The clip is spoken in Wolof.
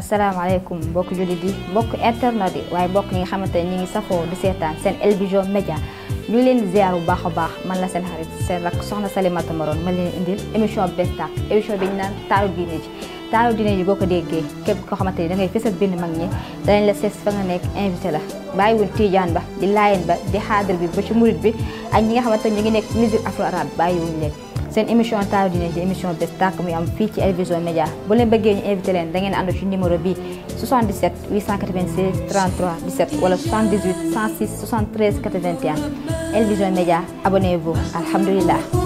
asalaamaaleykum mbokk jullit yi mbokk internet yi waaye mbokk ñi nga xamante ne ñu ngi safoo di seetaan seen El Vision Média ñu leen di ziar bu baax a baax man la seen xarit seen rak soxna Salimata Maron man leen indil émission bés tàkk émission bi ñu naan taaru diine ji taaru diine ji boo ko déggee képp koo xamante ni da ngay fésal bind mag ñi danañ la sees fa nga nekk invité la bàyyiwul tiijaan ba di laayeen ba di xaadir bi ba ci murit bi ak ñi nga xamante ñu ngi nekk musique afro arabe bàyyiwuñ leen seen émission taaru diine di émission bés tàkk muy am fii ci El Vision Médias bu leen bëggee ñu invité leen da ngeen ànd ci numéro bi 77 896 33 17 wala